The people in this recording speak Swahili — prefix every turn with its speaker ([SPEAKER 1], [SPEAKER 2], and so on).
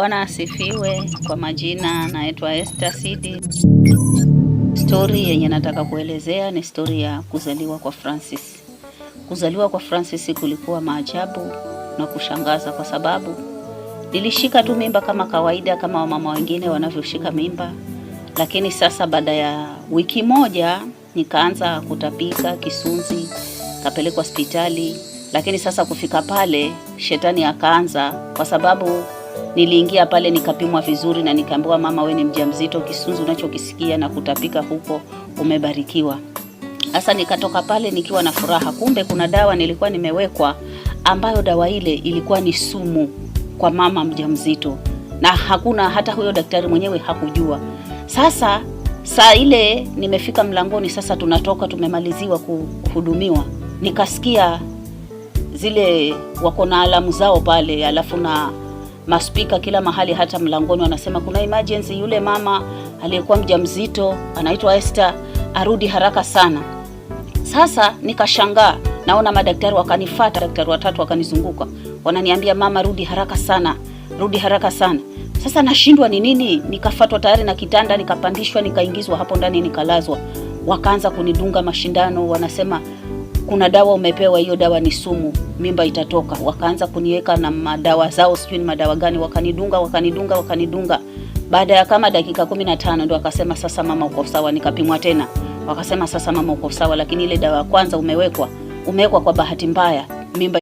[SPEAKER 1] Bwana asifiwe. Kwa majina naitwa Esther Sidi. Stori yenye nataka kuelezea ni stori ya kuzaliwa kwa Francis. Kuzaliwa kwa Francis kulikuwa maajabu na kushangaza, kwa sababu nilishika tu mimba kama kawaida, kama wamama wengine wanavyoshika mimba, lakini sasa baada ya wiki moja nikaanza kutapika, kisunzi, kapelekwa hospitali, lakini sasa kufika pale shetani akaanza, kwa sababu Niliingia pale nikapimwa vizuri na nikaambiwa, mama, we ni mjamzito, kisunzi unachokisikia na kutapika huko umebarikiwa. Sasa nikatoka pale nikiwa na furaha, kumbe kuna dawa nilikuwa nimewekwa, ambayo dawa ile ilikuwa ni sumu kwa mama mjamzito, na hakuna hata huyo daktari mwenyewe hakujua. Sasa saa ile nimefika mlangoni, sasa tunatoka, tumemaliziwa kuhudumiwa, nikasikia zile wako na alamu zao pale, alafu na maspika kila mahali, hata mlangoni wanasema kuna emergency, yule mama aliyekuwa mjamzito anaitwa Esther arudi haraka sana. Sasa nikashangaa, naona madaktari wakanifuata, daktari watatu wakanizunguka, wananiambia mama, rudi haraka sana, rudi haraka sana. Sasa nashindwa ni nini, nikafatwa tayari na kitanda, nikapandishwa, nikaingizwa hapo ndani, nikalazwa. Wakaanza kunidunga mashindano, wanasema kuna dawa umepewa, hiyo dawa ni sumu, mimba itatoka. Wakaanza kuniweka na madawa zao, sijui ni madawa gani, wakanidunga wakanidunga wakanidunga. Baada ya kama dakika 15 ndio ndo akasema sasa mama uko sawa. Nikapimwa tena, wakasema sasa mama uko sawa, lakini ile dawa ya kwanza umewekwa umewekwa kwa bahati mbaya mimba